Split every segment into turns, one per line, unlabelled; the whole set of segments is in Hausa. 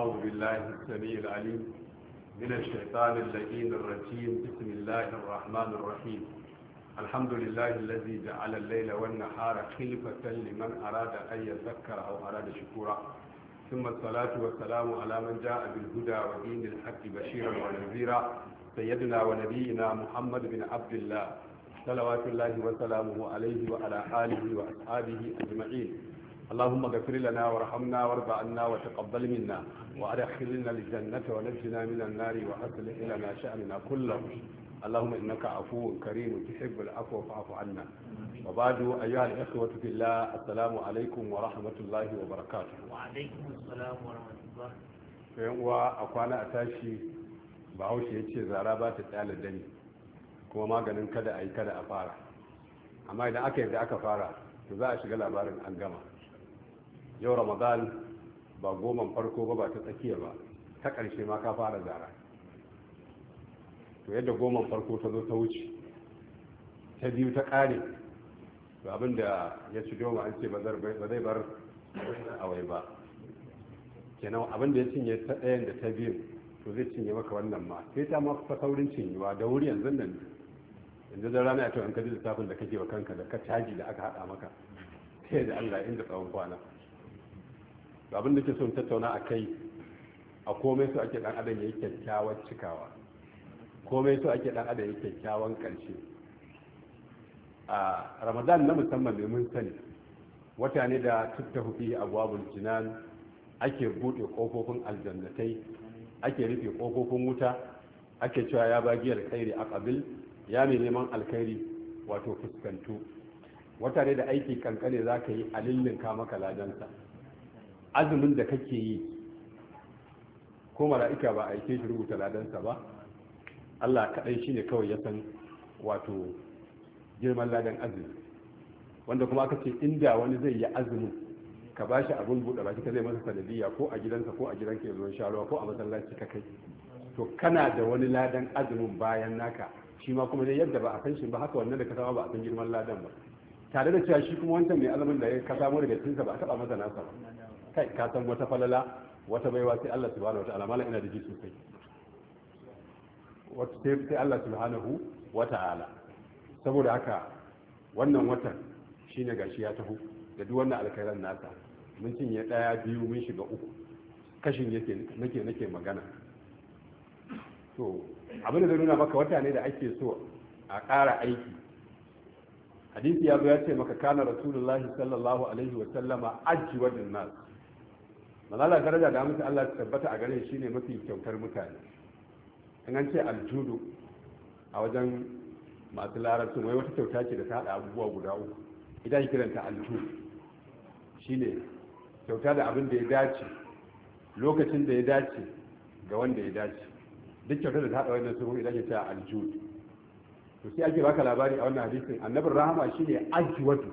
أعوذ بالله السميع العليم من الشيطان اللئيم الرجيم بسم الله الرحمن الرحيم الحمد لله الذي جعل الليل والنهار خلفة لمن أراد أن يذكر أو أراد شكورا ثم الصلاة والسلام على من جاء بالهدى ودين الحق بشيرا ونذيرا سيدنا ونبينا محمد بن عبد الله صلوات الله وسلامه عليه وعلى آله وأصحابه أجمعين اللهم اغفر لنا وارحمنا وارض عنا وتقبل منا وادخلنا الجنة ونجنا من النار وأصلح لنا شأننا كله اللهم إنك عفو كريم تحب العفو فاعف عنا وبعد أيها الإخوة في الله السلام عليكم ورحمة الله وبركاته وعليكم السلام ورحمة الله wa a kwana a tashi bahaushe ya ce zara ba ta tsala dani kuma maganin kada a yi kada a fara amma idan aka yadda aka fara to za a shiga labarin an gama yau ramadan ba goman farko ba ba ta tsakiya ba ta ƙarshe ma ka fara zara to yadda goman farko ta zo ta wuce ta biyu ta ƙare to abin da ya ci doma an ce ba zai bar awai ba kenan abin da ya cinye ta ɗayan da ta biyun to zai cinye maka wannan ma sai ta ma fa saurin cinyewa da wuri yanzu nan yanzu da rana ya to an kaji lissafin da kake wa kanka da ka caji da aka haɗa maka sai da Allah inda tsawon kwana abin da ke son tattauna a kai a komai su ake dan adam ya cikawa komai su ake dan adam ya kyakkyawan ƙarshe a ramadan na musamman ne mun sani wata ne da tutta hufi abwabul jinan ake buɗe ƙofofin aljannatai ake rufe ƙofofin wuta ake cewa ya bagiyar kairi a ƙabil ya mai neman alkairi wato fuskantu wata ne da aiki kankane za ka yi a lillinka maka ladansa azumin da kake yi ko mala'ika ba a aike shi rubuta ladansa ba Allah kaɗai shi ne kawai ya san wato girman ladan azumi wanda kuma aka ce inda wani zai yi azumin ka ba shi abin buɗe shi ka zai masa sanadiyya ko a gidansa ko a gidan ke zuwan sharuwa ko a masallaci ka kai to kana da wani ladan azumin bayan naka shi ma kuma dai yadda ba a san shi ba haka wannan da ka sama ba a san girman ladan ba tare da cewa shi kuma wancan mai azumin da ya ka samu daga cinsa ba a taɓa masa nasa ba kai ka san wata falala wata baiwa sai Allah subhanahu wataala mala ina da ji sosai wata sai sai Allah subhanahu wataala saboda haka wannan watan shine gashi ya taho da duk wannan alkhairan nasa mun cinye daya biyu mun shiga uku kashin yake nake nake magana to abin da zai nuna maka wata ne da ake so a ƙara aiki hadisi ya zo ya ce maka kana rasulullahi sallallahu alaihi wa sallama ajwadin nas Manala daraja da mutum Allah ta tabbata a gare shi ne mafi kyautar mutane in an ce aljudu a wajen masu larabcin wai wata kyauta ce da ta haɗa abubuwa guda uku idan kiranta aljudu shine kyauta da abin da ya dace lokacin da ya dace ga wanda ya dace duk kyautar da ta haɗa wannan sunan idan ya ce aljudu to sai ake baka labari a wannan hadisin annabin rahama shine ajwatu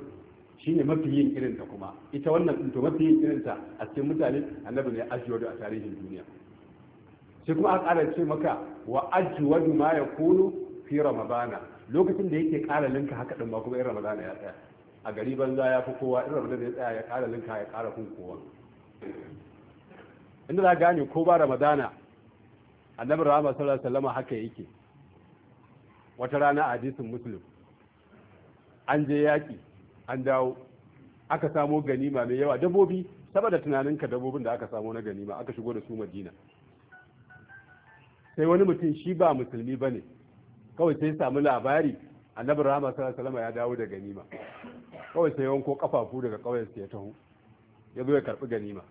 shine mafi yin irinta kuma ita wannan to mafi yin irinta a cikin mutane annabi ne ajiyar a tarihin duniya sai kuma a ƙara ce maka wa ajiyar ma ya kunu fi ramadana lokacin da yake ƙara linka haka ɗin ba kuma in ramadana ya tsaya a gari banza ya fi kowa irin ramadana ya tsaya ya ƙara linka ya ƙara kun kowa inda za gane ko ba ramadana annabi rahama sallallahu alaihi wasallam haka yake wata rana a hadisin muslim an je yaƙi an dawo aka samo ganima mai yawa dabobi saboda tunaninka dabobin da aka samo na ganima aka shigo da su madina sai wani mutum shi ba musulmi ba ne kawai sai samu labari annabi rahama sallallahu ya dawo da ganima kawai sai wanko kafafu daga ƙauyensa ya taho ya zo ya karɓi ganima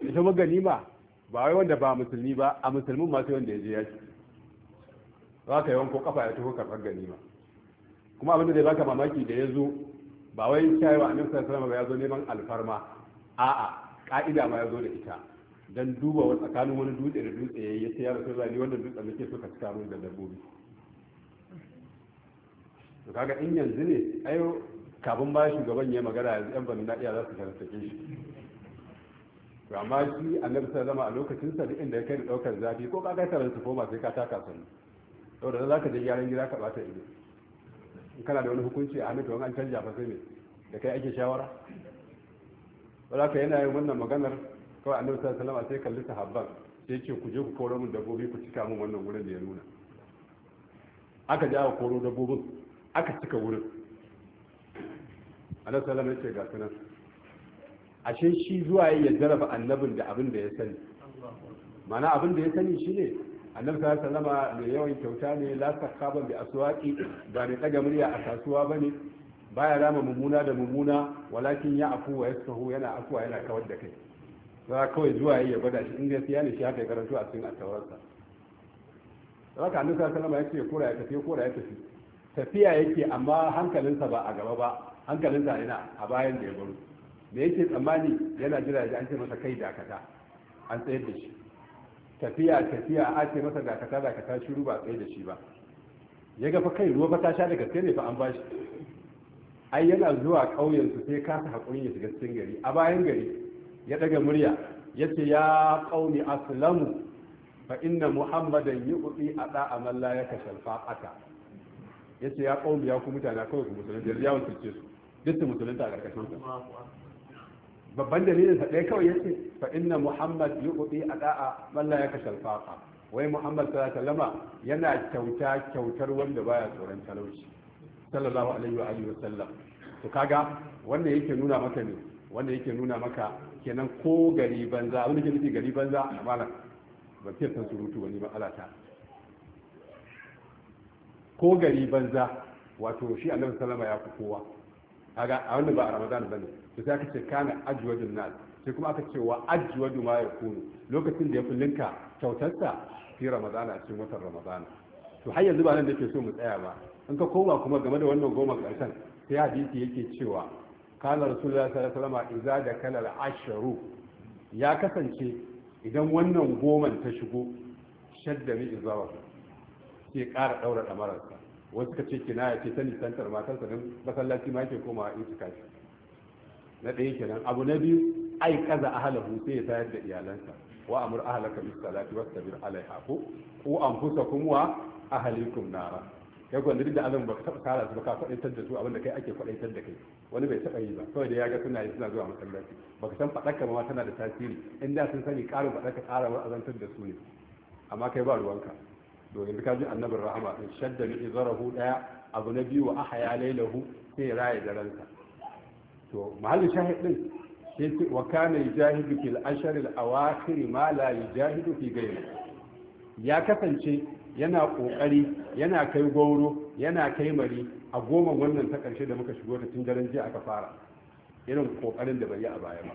ita ma ganima ba wai wanda ba musulmi ba a musulmin ma sai wanda ya je ya ci za ka yi wanko kafa ya taho karɓar ganima kuma abin da zai baka mamaki da ya zo ba wai cewa annabi sallallahu alaihi ba ya zo neman alfarma a'a ka'ida ma ya zo da ita dan duba wa tsakanin wani dutse da dutse ya sai ya rasa zali wannan dutsen nake so ka cika min da dabbobi to kaga in yanzu ne ayo kafin ba shugaban ya magana yanzu yan banu na iya za su karantake shi to amma shi annabi sallallahu alaihi a lokacin sa duk inda ya kai da daukar zafi ko kaga su ko ba sai ka taka sun saboda za ka je gyaran gida ka bata ido in kana da wani hukunci a hannun an canja ba sai ne da kai ake shawara wala ka yana yin wannan maganar kawai annabi sallallahu alaihi wasallam sai kalli sahabban sai ce ku je ku koro min dabbobi ku cika min wannan wurin da ya nuna aka je aka koro dabbobin aka cika wurin annabi sallallahu alaihi wasallam ya ce ga sunan ashe shi zuwa yin jarraba annabin da abin da ya sani mana abin da ya sani shine annabi sallallahu sallama da mai yawan kyauta ne la sakaba bi aswaqi ba ne daga murya a kasuwa bane baya rama mummuna da mummuna walakin ya afu wa yasahu yana afuwa yana kawar da kai za kawai zuwa ya gwada shi in gaskiya ne shi haka ya karanto a cikin attawarsa haka annabi sallallahu alaihi ya ce kora ya tafi kora ya tafi tafiya yake amma hankalinsa ba a gaba ba hankalinsa yana a bayan da ya baro me yake tsammani yana jira da an ce masa kai dakata an tsayar da shi tafiya tafiya a ce masa ga kaza ka kaza shiru ba tsaye da shi ba ya ga fa kai ruwa fa ta sha da gaske ne fa an bashi ai yana zuwa kauyen su sai kasa hakuri ya shiga cikin gari a bayan gari ya daga murya yace ya qaumi aslamu fa inna muhammadan yuqi ada amal la yakashal faqata yace ya qaumi ya ku mutana kawai ku musulunta ya wuce su duk musulunta a karkashin sa babban dalilin sa ɗaya kawai yace fa inna muhammad yuqdi adaa man la yakashal faqa wai muhammad sallallahu alaihi wasallama yana kyauta kyautar wanda baya tsoron talauci sallallahu alaihi wa alihi wasallam to kaga wanda yake nuna maka ne wanda yake nuna maka kenan ko gari banza abin da ke nufi gari banza a malam ban fiye san surutu wani matsala ta ko gari banza wato shi annabi sallama ya fi kowa kaga a wannan ba a ramadan bane to sai aka ce kana ajwadun nas sai kuma aka ce wa ajwadu ma yakunu lokacin da ya fullinka kyautarsa fi ramadan a cikin watan ramadan to har yanzu ba nan da ke so mu tsaya ba in ka koma kuma game da wannan goma karshen sai hadisi yake cewa kana rasulullahi sallallahu alaihi wasallam idza dakala al-ashru ya kasance idan wannan goman ta shigo shadda mi izawa sai kara daura damararsa wasu ka ce ya ce ta nisantar matarsa don masallaci ma yake komawa itikafi na ɗaya kenan abu na biyu ai kaza ahlahu sai ya tayar da iyalansa wa amur ahlaka bis salati wastabir alaiha ko ku anfusakum wa ahlikum nara kai gwanda duk da azan baka taba kara su baka faɗaitar da su abinda kai ake faɗaitar da kai wani bai taɓa yi ba kawai da ya ga suna yi suna zuwa masallaci ba ka san faɗaka ma tana da tasiri in da sun sani ƙarin faɗaka ƙara azantar da su ne amma kai ba ruwanka to yanzu ka ji annabin rahama in shadda bi izarahu daya abu na biyu wa ahya lailahu sai raye daransa to mahallin shahid din sai wa kana yujahidu fil ashar al awakhir ma la yujahidu fi ghayri ya kasance yana kokari yana kai gauro yana kai mari a goma wannan ta karshe da muka shigo da tun daren jiya aka fara irin kokarin da bai yi a baya ba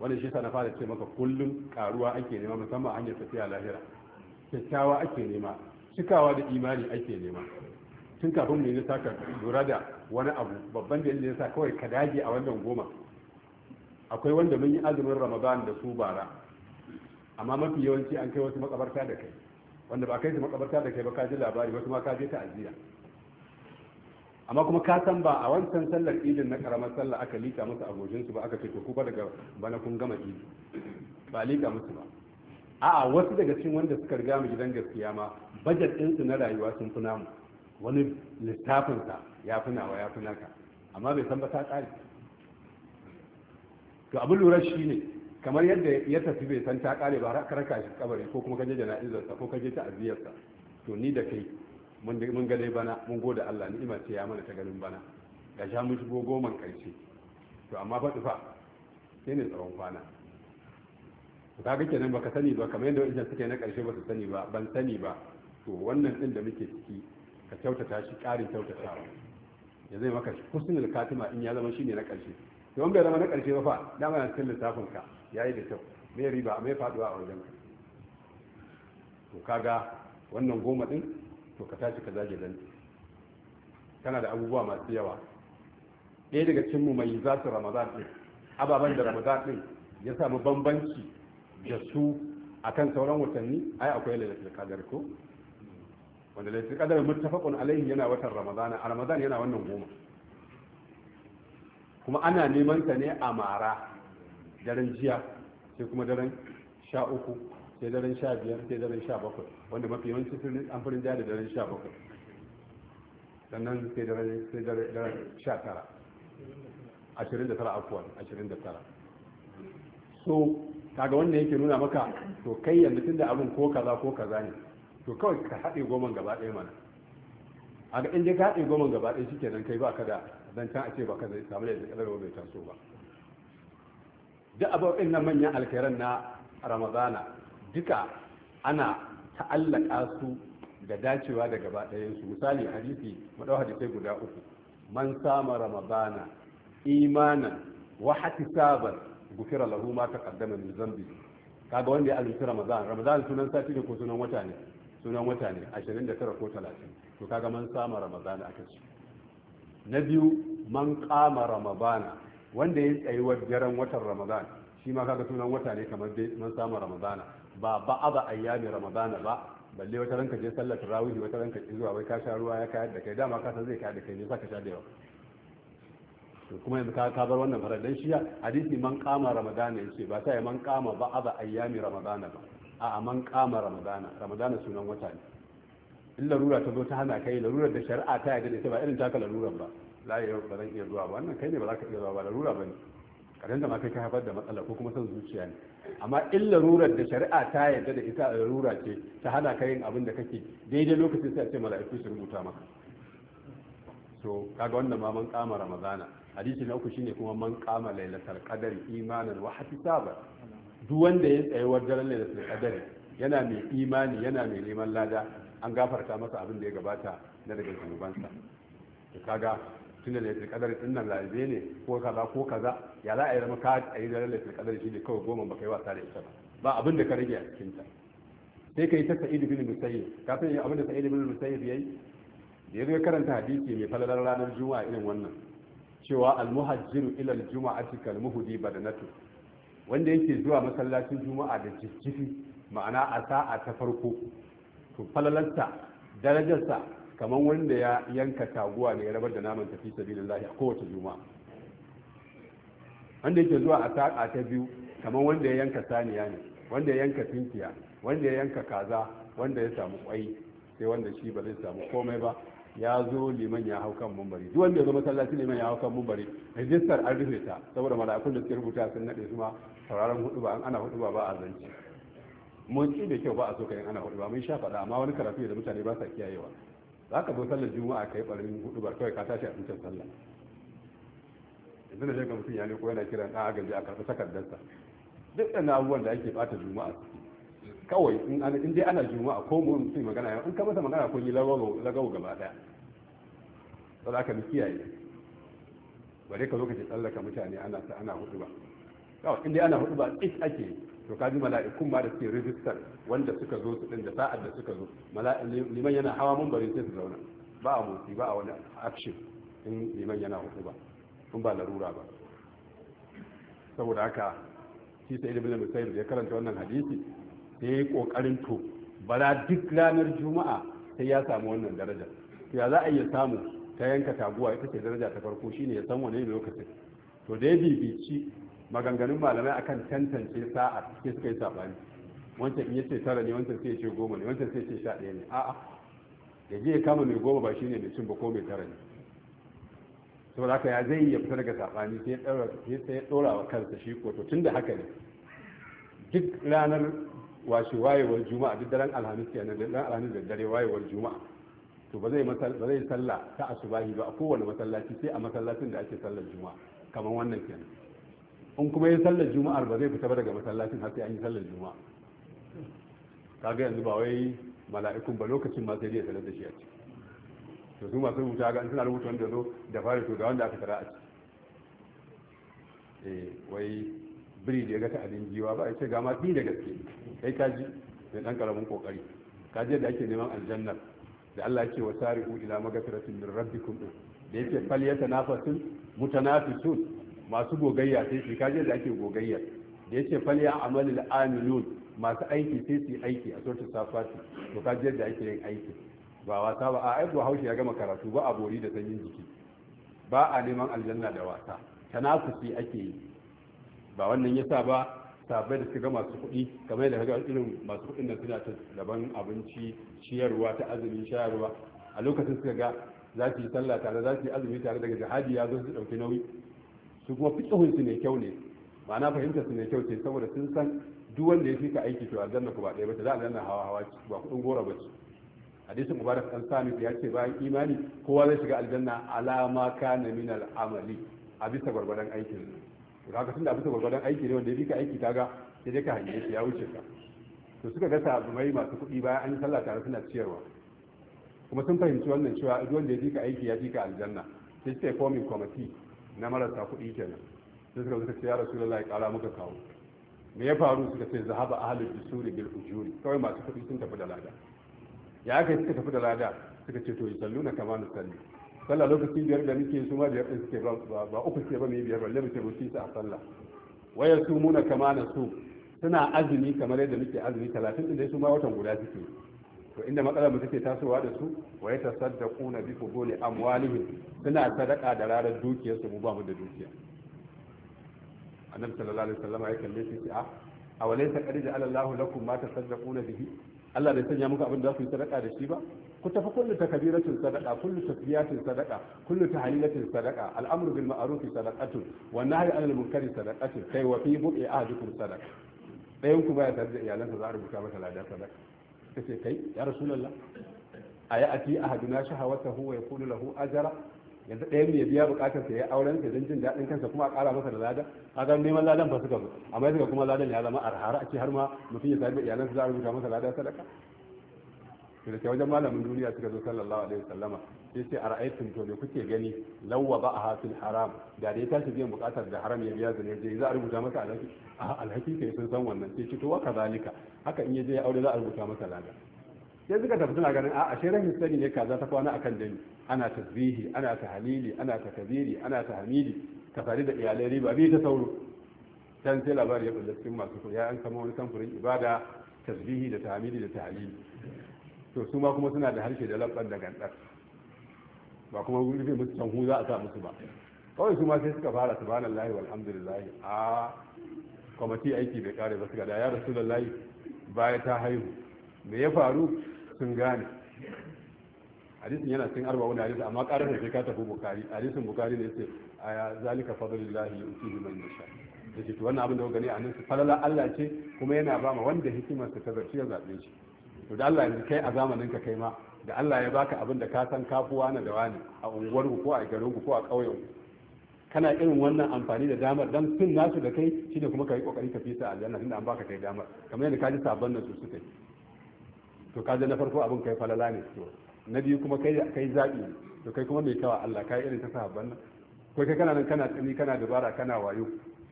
wannan shi sa na fara ce maka kullum karuwa ake nema musamman hanyar tafiya lahira kyakkyawa ake nema cikawa da imani ake nema tun kafin mu yi nisa ka lura da wani abu babban da ya sa kawai ka dage a wannan goma akwai wanda mun yi azumin ramadan da su bara amma mafi yawanci an kai wasu makabarta da kai wanda ba kai su makabarta da kai ba ka ji labari wasu ma ka je ta'aziyya amma kuma ka san ba a wancan sallar idin na karamar sallah aka lika musu agojinsu ba aka ce ko ku ba daga bana kun gama idi ba lika musu ba a'a wasu daga cikin wanda suka riga mu gidan gaskiya ma bajet ɗinsu na rayuwa sun fi namu wani littafinsa ya fi nawa ya fi naka amma bai san ba ta ƙare to abin lura shi ne kamar yadda ya tafi bai san ta ƙare ba ka shi kabari ko kuma kaje jana'izarsa ko kaje ta'aziyarsa to ni da kai mun ga dai bana mun gode Allah ni'ima ce ya mana ta ganin bana ga sha mun shigo goman karshe to amma fa tufa sai ne tsawon kwana ga kenan baka sani ba kamar yadda wajen suke na karshe ba su sani ba ban sani ba to wannan din da muke ciki ka kyautata shi ƙarin kyautata ya zai maka husnul alkatima in ya zama shi ne na karshe wanda ya zama na karshe ba fa dama na cikin lissafin ka yi da kyau mai riba mai faduwa a wajen to kaga wannan goma din to ka tashi ka zage dan kana da abubuwa masu yawa ɗaya daga cin mu mai zasu ramadan din ababen da ramadan din ya samu bambanci da su kan sauran watanni ai akwai lailatul qadar ko wanda lailatul qadar muttafaqun alaihi yana watan ramadana a ramadan yana wannan goma kuma ana neman ta ne a mara daren jiya sai kuma daren sha uku sai daren sha biyar sai daren sha bakwai wanda mafi yawanci sun an jiya da daren sha bakwai sannan sai daren sai daren sha tara ashirin da tara afuwan ashirin da tara so kaga wannan yake nuna maka to kai yanzu tunda abin ko kaza ko kaza ne to kawai ka haɗe goma gaba ɗaya mana a ga inda ka haɗe goma gaba ɗaya shi kenan kai ba ka da dan can a ce ba ka zai samu da zakarar bai taso ba duk abubuwan nan manyan alkhairan na ramadana duka ana ta'allaka su da dacewa da gaba ɗayan su misali hadisi madau hadisai guda uku man sama ramadana imanan wa hatisaban gufira lahu ma kaddama min zambi kaga wanda ya azumci ramadan ramadan sunan sati ne ko sunan wata ne sunan wata ne 29 ko 30 to kaga man sama ramadan aka ci na biyu man qama ramadana wanda ya tsayuwar daren watan ramadan shi ma kaga sunan wata ne kamar dai man sama ramadana ba ba aba ayyami ramadana ba balle wata ranka je sallar tarawih wata ranka ki zuwa wai ka sha ruwa ya kayar da kai dama ka san zai kayar da kai ne saka sha da yawa to kuma yanzu ka bar wannan farar dan shi hadisi man kama ramadana yace ba sai man kama ba aba ayyami ramadana ba a man kama ramadana ramadana sunan wata ne in larura ta zo ta hana kai larurar da shari'a ta yadda da ita ba irin taka larurar ba la yau ba zan iya zuwa ba wannan kai ne ba za ka iya zuwa ba larura ba ne kadan da ma kai ka haifar da matsala ko kuma son zuciya ne amma in larurar da shari'a ta yadda da ita larura ce ta hana ka yin abin da kake daidai lokacin sai a ce mala'iku su rubuta maka to kaga wannan ma man kama ramadana hadisi na uku shine kuma man kama lailatul qadari imanan wa hisaba duk wanda ya tsaye wa daren lailatul qadari yana mai imani yana mai neman lada an gafarta masa abin da ya gabata na daga zunubansa to kaga tunda lailatul qadari din nan lalabe ne ko kaza ko kaza ya za yi rama ka yi daren lailatul qadari shine kawai goma baka yi wasa da ita ba ba abin da ka rage a cikin ta sai kai ta sa'id bin musayyib ka san abin da sa'id bin musayyib yayi da ya karanta hadisi mai falalar ranar juma'a irin wannan cewa almuhajjiru ilal juma'ati kal muhdi badanatu wanda yake zuwa masallacin juma'a da jikkifi ma'ana a sa'a ta farko to falalarsa darajarsa kamar wanda ya yanka taguwa ne ya rabar da naman tafi sabilillahi a kowace juma'a wanda yake zuwa a sa'a ta biyu kamar wanda ya yanka saniya ne wanda ya yanka tinkiya wanda ya yanka kaza wanda ya samu kwai sai wanda shi ba zai samu komai ba ya zo liman ya hau kan mumbari duk wanda ya zo masallaci liman ya hau kan mumbari rijistar an rufe ta saboda mala'ikun da suke rubuta sun nade su ma sauraron hudu ba ana hudu ba ba a zance mun ci da kyau ba a so kayan ana hudu ba mun sha faɗa amma wani karatu da mutane ba sa kiyayewa za ka zo sallar juma'a kai ɓarin hudu ba kawai ka tashi a cikin sallah yanzu da shekar mutum ya ne ko yana kiran ɗan agaji a karɓi takardarsa duk ɗan abubuwan da ake ɓata juma'a su kawai in dai ana juma'a ko mu mutum magana yau in ka masa magana ko yi lagawo gaba daya ba za ka mu kiyaye bare ka lokaci tsallaka mutane ana ta ana hudu ba kawai in dai ana hudu ba tsit ake to ka ji mala'ikun ma da suke rijistar wanda suka zo su din da sa'ad da suka zo liman yana hawa mun bari sai su zauna ba a motsi ba a wani action in liman yana hudu ba in ba larura ba saboda haka shi sai ibn da ya karanta wannan hadisi sai ya yi ƙoƙarin to bala duk ranar juma'a sai ya samu wannan darajar to ya za a iya samu ta yanka taguwa ita ce daraja ta farko shine ya san wane lokacin to da ya bibici maganganun malamai akan tantance sa'a sai suka yi saɓani wancan in ya ce tara ne wancan sai ya ce goma ne wancan sai ya ce sha ɗaya ne a'a ya je ya kama mai goma ba shine mai cin ba ko mai tara ne saboda haka ya zai iya fita daga saɓani sai ya ɗora wa kansa shi ko to tun da haka ne duk ranar washe wayewar juma'a duk daren alhamis kenan daren alhamis da dare wayewar juma'a to ba zai ba zai sallah ta asubahi ba a kowane masallaci sai a masallacin da ake sallar juma'a kamar wannan kenan in kuma yin sallar juma'ar ba zai fita ba daga masallacin har sai an yi sallar juma'a kaga yanzu ba wai mala'ikun ba lokacin ma sai dai sallar da shi a ciki to su masu rubuta ga suna rubuta wanda zo da fara to ga wanda aka tara a ciki eh wai biri da ya ga ta alin jiwa ba ya ce ga ma fi da gaske kai ka ji da ɗan karamin ƙoƙari ka je da ake neman aljanna da Allah wa wasari'u ila magfiratin min rabbikum din da yake fal nafasin mutanafisun masu gogayya sai shi ka je da ake gogayya da yake fal ya amalil amilun masu aiki sai su aiki a sortin safati to ka je da ake yin aiki ba wasa ba a aibu haushi ya gama karatu ba a bori da sanyin jiki ba a neman aljanna da wasa tanafusi ake yi ba wannan yasa ba sabai da shiga masu kuɗi kamar da kaga irin masu kuɗin da suna ta daban abinci ciyarwa ta azumi shayarwa a lokacin suka ga za su yi sallah tare za su yi azumi tare daga jihadi ya zo su ɗauki nauyi su kuma fiƙihun su ne kyau ne ma'ana fahimtar su ne kyau ce saboda sun san duk wanda ya fika aiki to aljanna ku ba ɗaya ba ta za aljanna hawa hawa ba kuɗin gora ba ce hadisin mubarak dan sami ya ce bayan imani kowa zai shiga aljanna alama kana min al'amali a bisa gwargwadon aikin su. kaga tunda abin gwargwadon aiki ne wanda ya bika aiki kaga sai dai ka hange shi ya wuce ka to suka ga sabumai masu kuɗi bayan an yi sallah tare suna ciyarwa kuma sun fahimci wannan cewa duk wanda ya bika aiki ya bika aljanna sai suka yi komin kwamiti na marasa kuɗi kenan sai suka suka ce ya rasulullahi ƙara muka kawo me ya faru suka ce zahaba a bisuri bil ujuri kawai masu kuɗi sun tafi da lada ya aka suka tafi da lada suka ce to yi na kama na salli sallah lokacin biyar da muke su ma biyar suke ba uku suke ba biyar balle mu a sallah waya su muna kama na su suna azumi kamar yadda muke azumi talatin ɗin su ma watan guda suke to inda matsalar mu take tasowa da su waya ta tasaddaqu na bi fuduli suna sadaka da ranar dukiyar su mu ba mu da dukiya annabi sallallahu alaihi wasallam ya kalle shi a awalaysa qad ja'ala Allahu lakum ma tasaddaquna bihi Allah bai sanya muku abin da za ku yi sadaka da shi ba ku tafi kullu takbiratin sadaka kullu tasbiyatin sadaka kullu tahlilatin sadaka al'amru bil ma'ruf sadaqatun wa nahyu 'anil munkari sadaqatun kai wa fi bu'i ahadikum sadaka dayan ku baya tare da iyalansa za a rubuta masa lada sadaka kace kai ya rasulullah ayati ahaduna shahawatahu wa yakunu lahu ajra yanzu ɗayan mai biya bukatar sa ya auren sa don jin daɗin kansa kuma a ƙara masa da ladan ga neman ladan ba suka zo amma suka kuma ladan ya zama arhara a ce har ma mutum ya sami su za a rubuta masa ladan sadaka da ke wajen malamin duniya suka zo sallallahu alaihi wasallama sai ce a ra'aytum to kuke gani lawa ba a fil haram da dai tashi biyan bukatar da haram ya biya zane je za a rubuta masa alhaki a alhaki kai sun san wannan sai ce to wa kazalika haka in ya je ya aure za a rubuta masa lada sai suka tafi suna ganin a ashe rahin sani ne kaza ta kwana akan dani ana tasbihi ana halili ana kabiri ana tahmidi tafari da iyalai riba bi ta sauro dan sai labari ya bulla cikin masu kuriya an kama wani samfurin ibada tasbihi da hamidi da halili to su ma kuma suna da harshe da lambar da gandar ba kuma rufe musu can za a sa musu ba kawai su ma sai suka fara subhanallahi walhamdulillahi a kwamati aiki bai kare ba suka da ya rasulullahi baya ta haihu me ya faru sun gane hadisin yana cikin arba wani hadisi amma ƙarar da sai ka tafi bukari hadisin bukari ne ce a zalika fadlillahi yu'tihi man yasha da shi to wannan abin da gani a nan falala Allah ce kuma yana ba ma wanda hikimar ta zarci ya zaɓe shi to da Allah yanzu kai a zamanin ka kai ma da Allah ya baka abin da ka san kafuwa na da wani a unguwar ku ko a garin ku ko a ƙauyen ku kana irin wannan amfani da damar dan sun nasu da kai shine kuma ka yi kokari ka fita aljanna tunda an baka kai damar kamar yadda ka ji sabon nan su suka yi to kaje na farko abin kai falala ne to na biyu kuma kai kai zabi to kai kuma mai kawa Allah kai irin ta sahabban nan ko kai kana nan kana tsami kana dabara kana wayo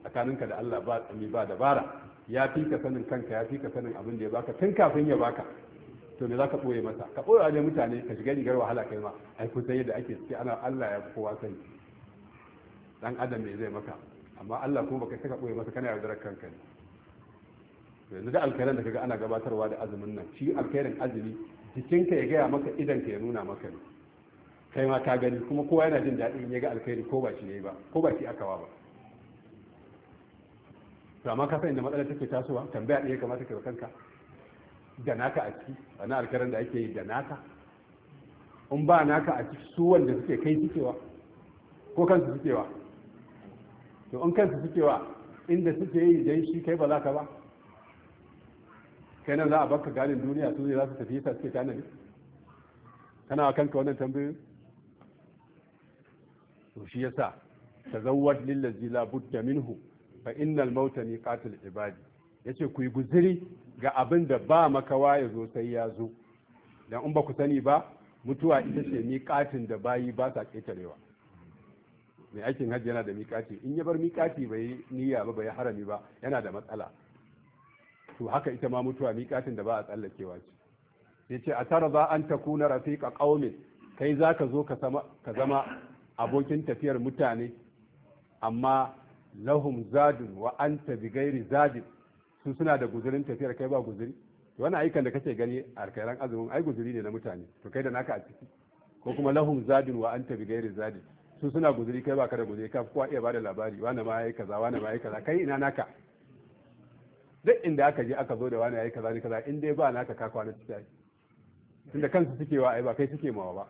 tsakaninka da Allah ba tsami ba dabara ya fi ka sanin kanka ya fi ka sanin abin da ya baka tun kafin ya baka to me zaka boye masa ka boye wajen mutane ka shiga rigar wahala kai ma ai kun san yadda ake ciki ana Allah ya kowa sani dan adam me zai maka amma Allah kuma baka saka boye masa kana yaudarar kanka ne yanzu da alkhairan da kaga ana gabatarwa da azumin nan shi alkairin azumi jikinka ya gaya maka idanka ya nuna maka ne kai ma ka gani kuma kowa yana jin daɗi ya ga alkairi ko ba shi ne ba ko ba shi wa ba to amma ka san da matsalar take tasowa tambaya ɗaya kamata ka kanka da naka a ciki na alkaran da ake yi da naka in ba naka a ciki su wanda suke kai sukewa ko kansu sukewa to in kansu sukewa inda suke yi dan shi kai ba za ka ba kai za a baka ganin duniya su ne za su tafi yasa suke tanadi kana kanka wannan tambayi to shi yasa tazawwad lillazi la budda minhu fa innal mauta miqatul ibadi yace ku yi guziri ga abin da ba makawa ya zo sai ya zo dan in ba ku sani ba mutuwa ita ce miqatin da bayi ba sa ketarewa mai aikin hajji yana da miƙati in ya bar miƙati bai niyya ba bai harami ba yana da matsala to haka ita ma mutuwa miƙatin da ba a tsallakewa ce yace a tara za an takuna rafiqa qaumin kai za ka zo ka zama abokin tafiyar mutane amma lahum zadin wa an ta bigairi zadin su suna da guzurin tafiyar kai ba guzuri to wani ayyukan da kake gani a alkairan azumin ai guzuri ne na mutane to kai da naka a ciki ko kuma lahum zadin wa an ta bigairi zadin su suna guzuri kai ba ka da guzuri ka kuwa iya ba da labari wani ma yi kaza wani ma yi kaza kai ina naka duk inda aka je aka zo da wani yayi kaza ne kaza in dai ba na ka kwana cikin ai tunda kansu suke wa ai ba kai suke mawa ba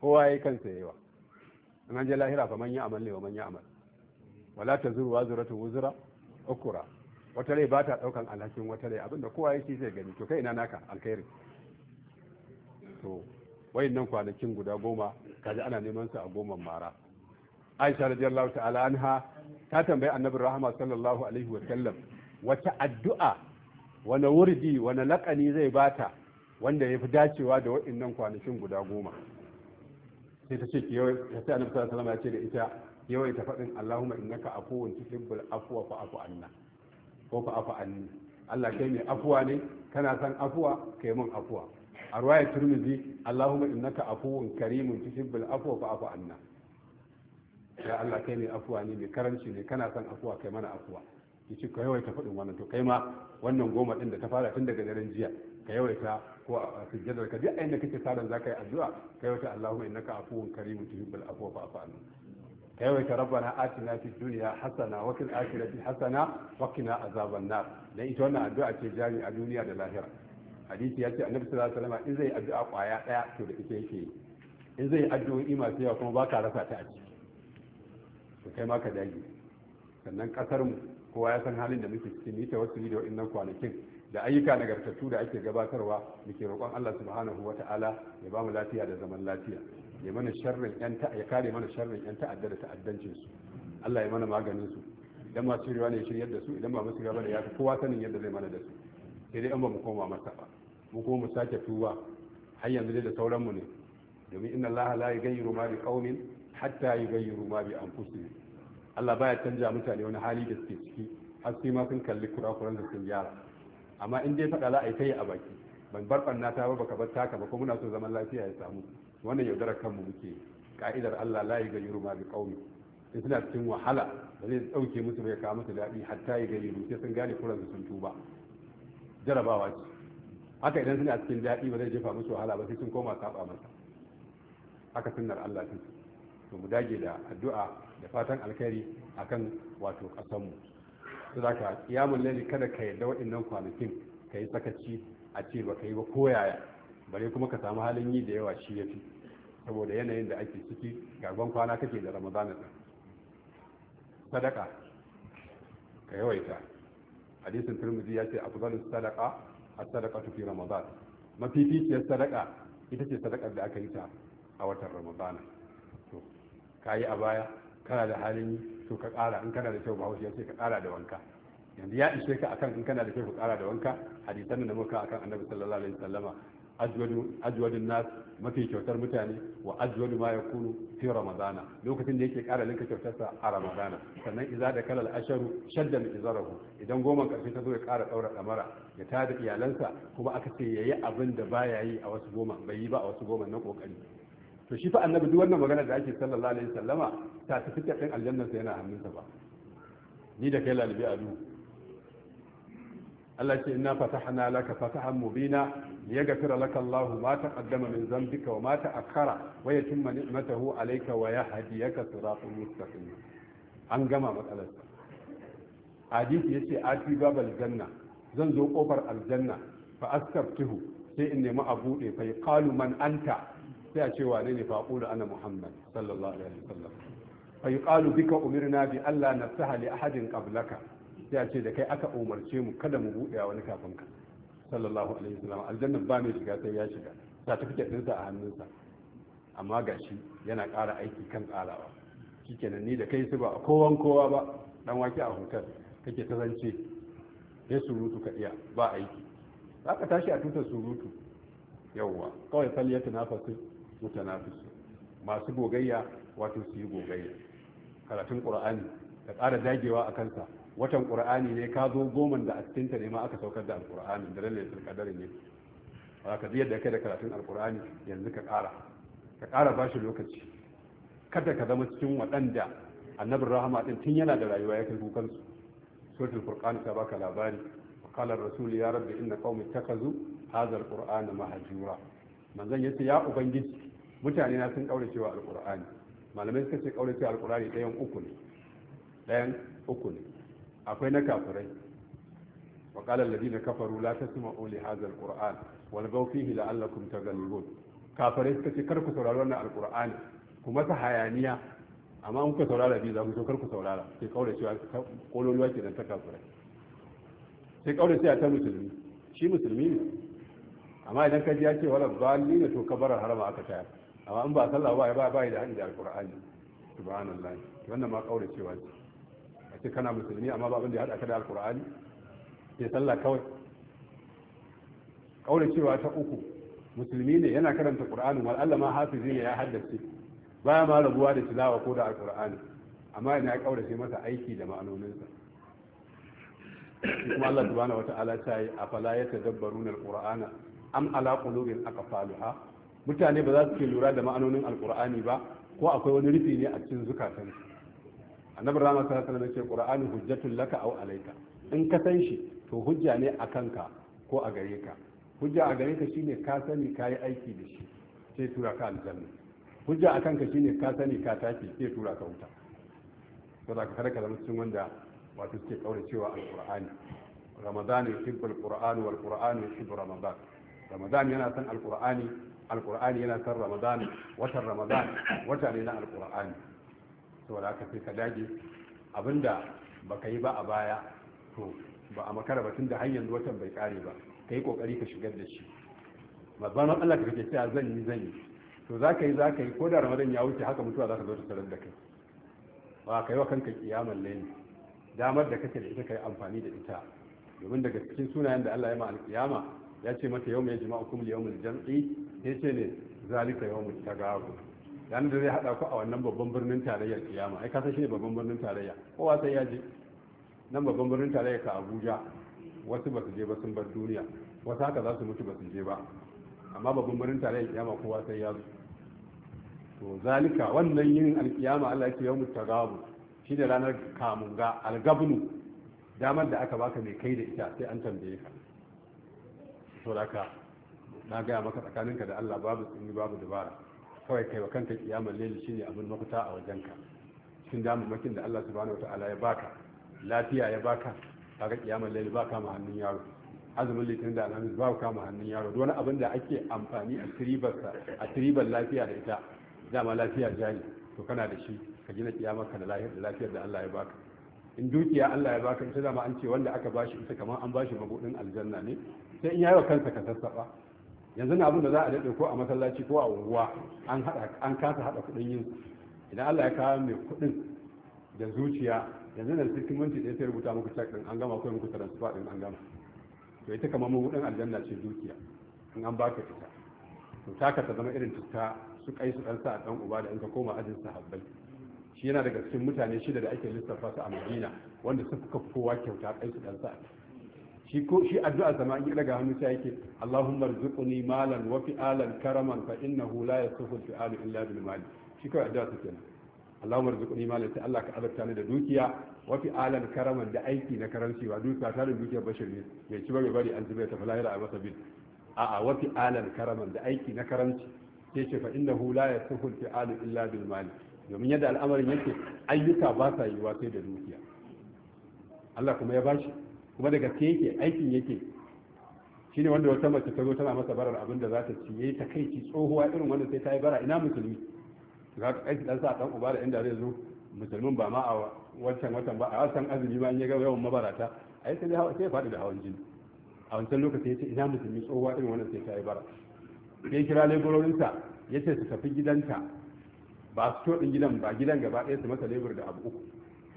kowa yayi kansa yayi wa an je lahira fa man ya amal ne wa man ya amal wala tazuru wazratu wuzra ukura wata rai ba ta daukan alhakin wata rai abinda kowa yake zai gani to kai ina naka alkhairi to nan kwanakin guda goma kaji ana neman su a goman mara Aisha radiyallahu ta'ala anha ta tambayi Annabi rahama sallallahu alaihi wa sallam wata addu'a wani wurdi wani laƙani zai bata wanda ya fi dacewa da waɗannan kwanakin guda goma sai ta ce ya sai annabi sallallahu alaihi ya ce da ita yawai ta faɗin Allahumma cikin afuwun afuwa fa afu anna ko afu anni Allah kai mai afuwa ne kana san afuwa kai mun afuwa a ruwaya turmizi Allahumma innaka afuwun karimun afuwa fa afu anna ya Allah kai mai afuwa ne mai karanci ne kana san afuwa kai mana afuwa ya ce ka yawaita faɗin wannan to kai ma wannan goma ɗin da ta fara tun daga daren jiya ka yawaita ko a sujjadar ka duk ainihin kake tsarin za ka yi addu'a ka yawaita Allahumma innaka afuwun karimun tuhibbul afwa fa'fu anhu ka yawaita rabbana atina fid dunya hasana wa fil akhirati hasana wa qina azaban nar dan ita wannan addu'a ce jami a duniya da lahira hadisi ya ce annabi sallallahu alaihi in zai addu'a kwaya daya to da ita yake yi in zai addu'o'i masu yawa kuma ba ka rasa ta a ciki to kai ma ka dage sannan kasar mu kowa ya san halin da muke cikin nita wasu da nan kwanakin da ayyuka nagartattu da ake gabatarwa muke roƙon Allah subhanahu wa ta'ala ya ba mu lafiya da zaman lafiya ya mana sharrin yan ya kare mana sharrin yan ta'adda da ta'addancin su Allah ya mana maganin su idan masu shirya ne ya shiryar da su idan ba musu gaba da ya kowa sanin yadda zai mana da su sai dai an ba mu koma masa ba mu kuma mu sake tuba har yanzu dai da sauranmu ne domin inna Allah la yughayyiru ma bi qaumin hatta yughayyiru ma bi anfusihim Allah baya canja mutane wani hali da suke ciki har sai ma sun kalli kurakuran da sun gyara amma in dai faɗa za a yi ta yi a baki ban bar ɓanna ta ba baka bar taka ba ko muna so zaman lafiya ya samu wannan yaudara kanmu muke ka'idar Allah la yi gayyuru ma bi qaumi in suna cikin wahala ba zai dauke musu bai kawo musu daɗi hatta yi gayyuru sai sun gane kuransu sun tuba jarabawa ce haka idan suna cikin daɗi ba zai jefa musu wahala ba sai sun koma saba masa haka sunnar Allah ce to mu dage da addu'a da fatan alkhairi akan wato kasanmu su za ka kiyamun lalle kada ka yarda waɗannan kwanakin ka yi sakaci a ce ba ka yi ba koyaya bare kuma ka samu halin yi da yawa shi ya fi saboda yanayin da ake ciki garban kwana kake da ramadana ɗin sadaka ka yawaita hadisin turmudi ya ce afdalus sadaka as-sadaqatu tufi ramadan mafificiyar sadaka ita ce sadakar da aka yi ta a watan ramadana ka yi a baya kana da halin yi to ka ƙara in kana da kyau ba wasu ce ka ƙara da wanka yanzu ya ishe ka akan in kana da kyau ka ƙara da wanka hadisan da muka akan annabi sallallahu alaihi wasallama ajwadun nas mafi kyautar mutane wa ajwadu ma ya kunu fi ramadana lokacin da yake kara linka kyautarsa a ramadana sannan idza da kalal asharu shaddan izarahu idan goma karshe ta zo ya kara daura damara ya tada iyalansa kuma aka ce yayi abin da baya yi a wasu goma bai yi ba a wasu goma na kokari to shi fa annabi duk wannan magana da ake sallallahu alaihi wasallama ta tafi ɗin aljannarsa yana hannunsa ba ni da kai lalibi a duhu Allah ce inna fatahna laka fatahan mubina liyaghfira laka Allahu ma taqaddama min dhanbika wa ma ta'akhkhara wa yatimma ni'matahu alayka wa yahdiyaka siratal mustaqim an gama matsalar hadisi yace ati babal janna zan zo kofar aljanna fa askaftuhu sai in nemi a bude fa qalu man anta sai a ce wane ne faqulu ana muhammad sallallahu alaihi wasallam fa yuqalu bika umirna bi alla nasaha li ahadin qablaka sai a ce da kai aka umarce mu kada mu buɗe wani kafin ka sallallahu alaihi wasallam aljanna ba mai shiga sai ya shiga ta certificate dinsa a hannunsa amma gashi yana ƙara aiki kan ƙarawa shikenan ni da kai su ba kowan kowa ba dan wake a hotel kake ta zance ya surutu ka iya ba aiki za ka tashi a tutar surutu yawwa kawai fal ya tunafasin mutanafisu masu gogayya wato su yi gogayya karatun qur'ani da ƙara dagewa a kansa watan qur'ani ne ka zo goman da a cikinta ne ma aka saukar da alqur'ani da lailatul kadar ne ba ka ziyar da kai da karatun alqur'ani yanzu ka ƙara ka ƙara bashi lokaci kada ka zama cikin waɗanda annabin rahama din tun yana da rayuwa ya kai kukansu suratul furqan ta baka labari kalar ar-rasul ya rabbi inna qaumi takazu hadha Kur'ani qurana mahjura manzon yace ya ubangiji mutane na sun cewa Alƙur'ani malamai suka ce cewa Alƙur'ani ɗayan uku ne ɗayan uku ne akwai na kafirai wa qala alladhina kafaru la tasma'u li hadha alqur'an walgaw ta la'allakum taghlibun kafirai suka ce kar ku saurari wannan alqur'ani kuma ta hayaniya amma in ku saurara bi za ku so kar ku saurara sai kauracewa kololuwa kenan ta kafirai sai cewa ta musulmi shi musulmi ne amma idan ka ji ya ce wala zalli ne to kabarar harama aka tayar amma in ba sallah ba ba ba da hadi da alqur'ani subhanallah wannan ma kaure cewa ce a ce kana musulmi amma ba abin da ya hada ka da alqur'ani Ke sallah kawai kaure cewa ta uku musulmi ne yana karanta qur'ani wal Allah ma hafizi ne ya haddace baya ma rabuwa da tilawa ko da alqur'ani amma ina ya kaurace masa aiki da ma'anoninsa kuma Allah subhanahu wata'ala ta yi afala ya tadabbaruna alqur'ana am ala qulubin aqfaluha mutane ba za su ke lura da ma'anonin alkur'ani ba ko akwai wani rufi ne a cikin zukatan annabi rama sallallahu alaihi wasallam qur'ani hujjatul laka aw alayka in ka san shi to hujja ne a kanka ko a gare ka hujja a gare ka shine ka sani ka yi aiki da shi sai tura ka aljanna hujja a kanka shine ka sani ka take sai tura ka wuta saboda ka kada ka zama cikin wanda wato suke kauracewa alqur'ani ramadan yuhibbul qur'an wal qur'an yuhibbu ramadan ramadan yana san alqur'ani alkur'ani yana san ramadan watan ramadan wata ne na alkur'ani saboda haka sai ka dage abinda baka yi ba a baya to ba a makara ba tunda har yanzu watan bai kare ba kai kokari ka shigar da shi mazanin Allah ka kake cewa zan yi zan yi to za ka yi za ka yi ko da ramadan ya wuce haka mutuwa za ka zo ta sarar da kai ba ka yi wa kanka kiyaman ne damar da kake da ita ka yi amfani da ita domin daga cikin sunayen da Allah ya ma alkiyama ya ce mata yau mai jima'a kuma yau mai jam'i ya ce ne zalika yau mai tagaru yanar da zai haɗa ku a wannan babban birnin tarayyar kiyama ai kasa shi ne babban birnin tarayya kowa sai ya je nan babban birnin tarayya ka abuja wasu ba su je ba sun bar duniya wasu haka za su mutu ba su je ba amma babban birnin tarayyar kiyama kowa sai ya zo to zalika wannan yin alkiyama Allah ya ce yau mai tagaru shi ne ranar kamunga algabnu damar da aka baka mai kai da ita sai an tambaye ka sauraka na gaya maka tsakaninka da Allah babu tsini babu dubara kawai kai wa kanka kiyamar leli shine abin mafita a wajenka cikin damammakin da Allah subhanahu wataala ya baka lafiya ya baka kaga kiyamar leli baka ma hannun yaro azumin litinin da alhamis ba kama hannun yaro wani abin da ake amfani a tribarsa a tribar lafiya da ita dama lafiya jari to kana da shi ka gina kiyamarka da lafiyar da Allah ya baka in dukiya Allah ya baka ita dama an ce wanda aka bashi ita kamar an bashi mabudin aljanna ne sai in yayi kansa ka sassaɓa yanzu na abin da za a dade ko a masallaci ko a unguwa an haɗa an kasa haɗa kuɗin yin idan Allah ya kawo mai kuɗin da zuciya yanzu nan sai minti ɗaya sai rubuta muku cek ɗin an gama ko muku transfer ɗin an gama to ita kamar mabuɗin aljanna ce zuciya in an baka ita to taka ta zama irin tuska su kai su sa a ɗan uba da in ka koma ajin sahabbai shi yana daga cikin mutane shida da ake lissafa su a madina wanda suka kowa kyauta kai su sa a shi ko shi addu'a zama an daga hannu sai yake Allahumma rzuqni malan wa fi'alan karaman fa innahu la yasuhu fi'alu illa bil mali shi kawai addu'a take nan Allahumma rzuqni malan sai Allah ka azabta ni da dukiya wa fi'alan karaman da aiki na karancewa dukiya ta da dukiya bashir ne mai ci bai bari an zube ta falahira a masa bil a'a wa fi'alan karaman da aiki na karanci sai ce fa innahu la yasuhu fi'alu illa bil mali domin yadda al'amarin yake ayyuka ba sa yiwa sai da dukiya Allah kuma ya bashi kuma daga gaske yake aikin yake shi ne wanda wata mace ta zo tana masa barar abin da za ta ci yayi takaici tsohuwa irin wanda sai ta yi bara ina musulmi to ka aiki dan sa dan uba da inda zai zo musulmin ba ma a wancan watan ba a wancan azumi ba in ya ga yawan mabarata ai sai ya sai faɗi da hawan jini a wancan lokacin yace ina musulmi tsohuwa irin wanda sai ta yi bara sai kira leburorinsa yace su tafi gidanta ba su to din gidan ba gidan gaba ɗaya su masa lebur da abu uku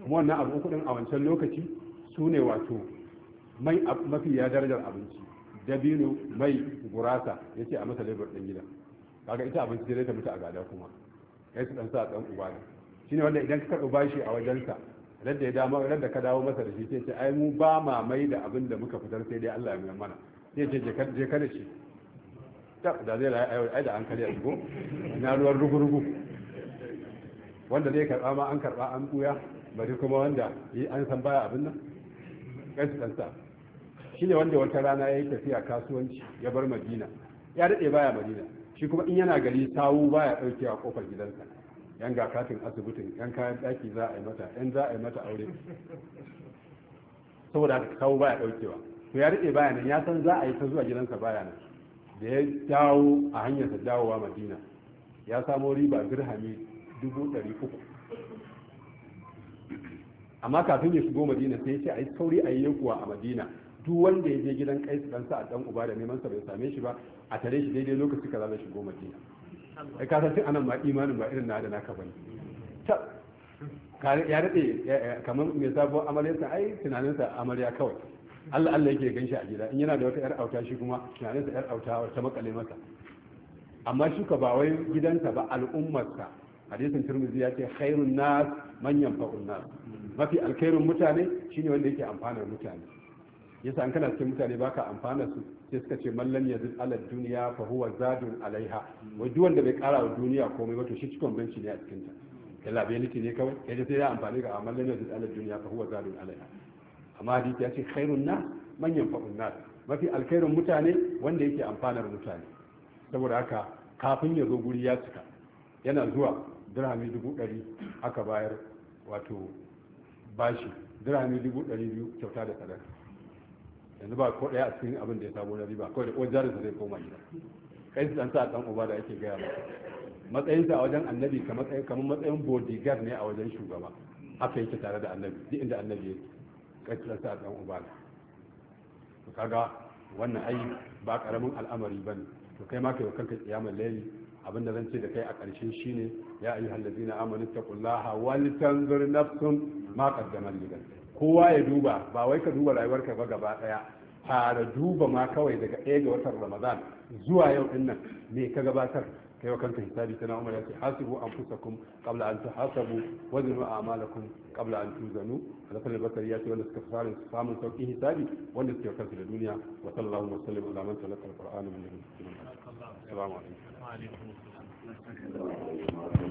kuma wannan abu uku din a wancan lokaci su ne wato mai mafi ya darajar abinci dabino mai gurasa ya ce a masa labar ɗan gidan kaga ita abinci zai ta mutu a gada kuma ya su ɗan sa ɗan uba ne shi ne wanda idan ka karɓi bashi a wajensa ladda ya dama ran ka dawo masa da shi sai ce ai mu ba ma mai da abin da muka fitar sai dai Allah ya mai mana sai ce je ka da shi da zai rayu ai da an kare a na ruwan rugu-rugu wanda zai karɓa ma an karɓa an ɓuya bari kuma wanda yi an san baya abin nan kai su ɗansa shi ne wanda wata rana ya yi tafiya kasuwanci ya bar madina ya daɗe baya madina shi kuma in yana gari sawu baya ɗauke a ƙofar gidansa yan ga katin asibitin yan kayan ɗaki za a yi mata yan za a yi mata aure saboda haka sawu baya ɗaukewa to ya daɗe baya nan ya san za a yi ta zuwa gidansa baya nan da ya dawo a hanyarsa dawowa madina ya samo riba birhami dubu ɗari uku amma kafin ya shigo madina sai ya ce a yi sauri a yi yankuwa a madina duk wanda ya je gidan kaisu dan sa dan uba da neman sa bai same shi ba a tare shi daidai lokaci kaza zai shigo madina ai ka san anan ma imanin ba irin na da naka bane ya daɗe kamar mai sabuwar amaryarsa ai sa amarya kawai Allah Allah yake gan shi a gida in yana da wata yar auta shi kuma sa yar auta ta makale masa amma shi ka ba wai gidansa ba al'ummarsa hadisin turmizi ya ce khairun nas manyan fa'un nas mafi alkhairun mutane shine wanda yake amfanar mutane yasa an kana cikin mutane baka amfana su sai suka ce mallan ya zin duniya fa huwa zadun alaiha wai duk wanda bai kara wa duniya komai ba to shi cikon banci ne a cikin ta reliability ne kawai kai sai ya amfani ga mallan ya zin duniya fa huwa zadun alaiha amma hadisi ya ce khairun nas man yanfa'un nas mafi alkhairun mutane wanda yake amfanar mutane saboda haka kafin ya zo guri ya cika yana zuwa dirhami dubu ɗari aka bayar wato bashi dirhami dubu ɗari biyu kyauta da sadaka yanzu ba ko ɗaya a cikin abin da ya samu na riba kawai da ko jarinsa zai koma gida kai su sa ɗan uba da ake gaya masa matsayinsa a wajen annabi kamar matsayin bodigar ne a wajen shugaba haka yake tare da annabi duk inda annabi ya kai su sa ɗan uba da to kaga wannan ai ba karamin al'amari ba ne to kai ma kai wa kanka kiyamar laili abin da zan ce da kai a ƙarshe shine ya ayyuhallazina amanu taqullaha wal tanzur nafsun ma qaddamat lighad kowa ya duba ba wai ka duba rayuwarka ba gaba daya fara duba ma kawai daga ɗaya ga watan ramadan zuwa yau din nan me ka gabatar kai wa kanka hisabi tana umar yace hasibu anfusakum qabla an tuhasabu wa zinu a'malakum qabla an tuzanu alafal ya ce wanda suka fara samun sauki hisabi wanda suke kansu da duniya wa sallallahu wa sallam ala man talaqa alquran min nabiyyi assalamu alaikum